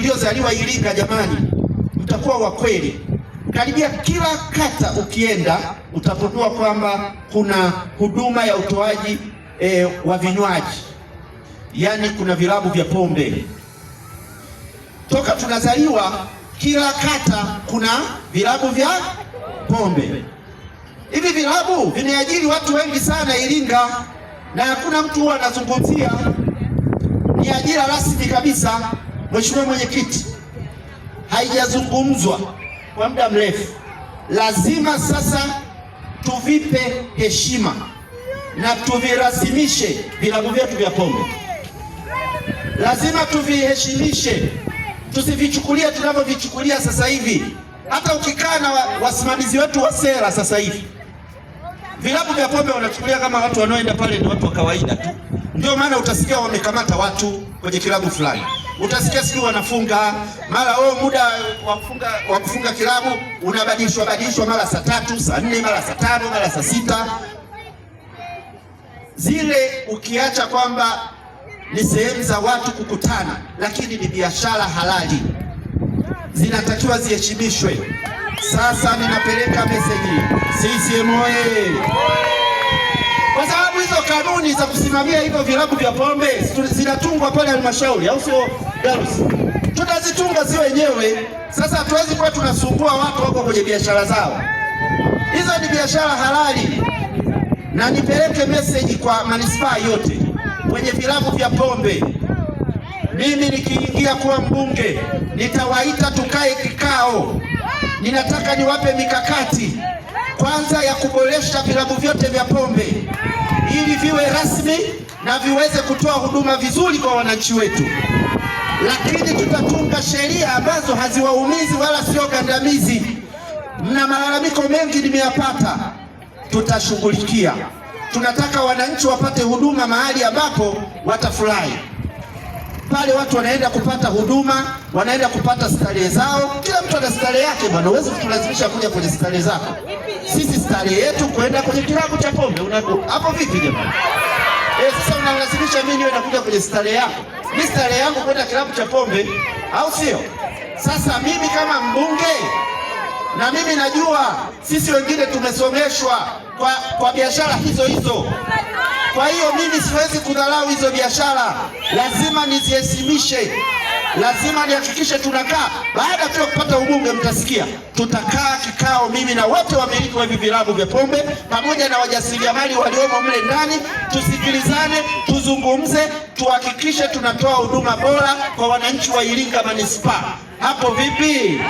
tuliozaliwa Iringa, jamani, mtakuwa wa kweli. Karibia kila kata ukienda utagundua kwamba kuna huduma ya utoaji e, wa vinywaji, yaani kuna vilabu vya pombe. Toka tunazaliwa kila kata kuna vilabu vya pombe. Hivi vilabu vimeajiri watu wengi sana Iringa, na hakuna mtu huwa anazungumzia, ni ajira rasmi kabisa. Mheshimiwa Mwenyekiti, haijazungumzwa kwa muda mrefu. Lazima sasa tuvipe heshima na tuvirasimishe vilabu vyetu vya pombe, lazima tuviheshimishe, tusivichukulia tunavyovichukulia sasa hivi. Hata ukikaa na wasimamizi wetu wa sera sasa hivi, vilabu vya pombe wanachukulia kama watu wanaoenda pale ni watu wa kawaida tu. Ndio maana utasikia wamekamata watu kwenye kilabu fulani. Utasikia siku wanafunga mara wao, oh, muda wa kufunga wa kufunga kilabu unabadilishwa badilishwa mara saa tatu, saa nne, mara saa tano, mara saa sita, zile ukiacha kwamba ni sehemu za watu kukutana, lakini ni biashara halali, zinatakiwa ziheshimishwe. Sasa ninapeleka meseji CCM oye! hizo kanuni za kusimamia hivyo vilabu vya pombe zinatungwa pale halmashauri, au sio Galus? Tutazitunga si wenyewe. Sasa hatuwezi kuwa tunasumbua watu wako kwenye biashara zao, hizo ni biashara halali. Na nipeleke meseji kwa manispaa yote kwenye vilabu vya pombe. Mimi nikiingia kuwa mbunge, nitawaita tukae kikao. Ninataka niwape mikakati kwanza ya kuboresha vilabu vyote vya pombe ili viwe rasmi na viweze kutoa huduma vizuri kwa wananchi wetu, lakini tutatunga sheria ambazo haziwaumizi wala sio gandamizi. Mna malalamiko mengi nimeyapata, tutashughulikia. Tunataka wananchi wapate huduma mahali ambapo watafurahi pale watu wanaenda kupata huduma, wanaenda kupata starehe zao. Kila mtu ana starehe yake bwana, huwezi kutulazimisha kuja kwenye starehe zako. Sisi starehe yetu kwenda kwenye kilabu cha pombe. Hapo vipi jamani? Eh, sasa unalazimisha mimi niwe nakuja kwenye starehe yako? Mimi starehe yangu kwenda kilabu cha pombe, au sio? Sasa mimi kama mbunge na mimi najua sisi wengine tumesomeshwa kwa, kwa biashara hizo hizo. Kwa hiyo mimi siwezi kudharau hizo biashara, lazima niziheshimishe, lazima nihakikishe tunakaa. Baada tu ya kupata ubunge, mtasikia tutakaa kikao, mimi na wote wamiliki wa hivi vilabu vya pombe pamoja na wajasiriamali waliomo mle ndani, tusikilizane, tuzungumze, tuhakikishe tunatoa huduma bora kwa wananchi wa Iringa manispaa. Hapo vipi?